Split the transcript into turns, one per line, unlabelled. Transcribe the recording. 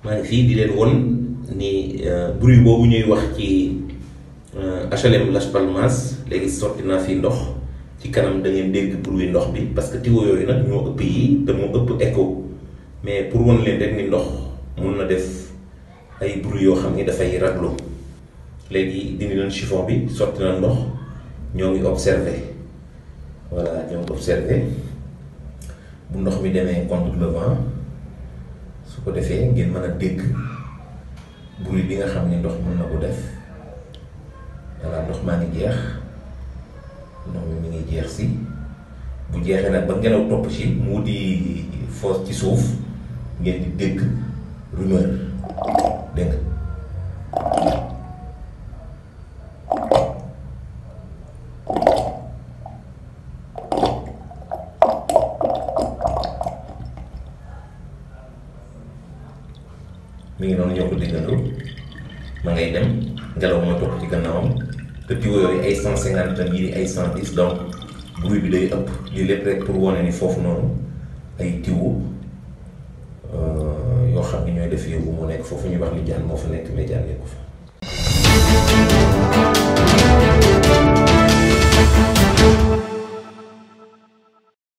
maa ngi di leen won ni eh, bruit boobu ñuy wax ah ci HLM eh, Las Palmas léegi sotti naa fi ndox ci kanam da ngeen dégg bruit ndox bi parce que tiwo yooyu nag ñoo ëpp yi te moo ëpp écho mais pour won leen rek ni ndox mun na def ay bruit yoo xam ni dafay raglu léegi dindi leen chiffon bi sotti na ndox ñoo ngi observé voilà ñoo ngi observé bu ndox mi demee contre le vent su ko defee ngeen mën a dégg bruit bi nga xam ni ndox mën na ko def voilà ndox maa ngi jeex ndox mi ngi jeex si bu jeexee nag ba ngelaw topp si mu di foos ci suuf ngeen di dégg rumeur. mi ngi noonu ñoo ko déggandu ma ngay dem ngelaw mooy topp ci gannaawam te tuyau yooyu ay cent cinquante tonnes yi di ay cent dix donc bruit bi day ëpp lii lépp rek pour wane ni foofu noonu ay tiwu euh, yoo xam ne ñooy def yëngu mu nekk foofu ñuy wax li jaan moo fa nekk mais jaan fa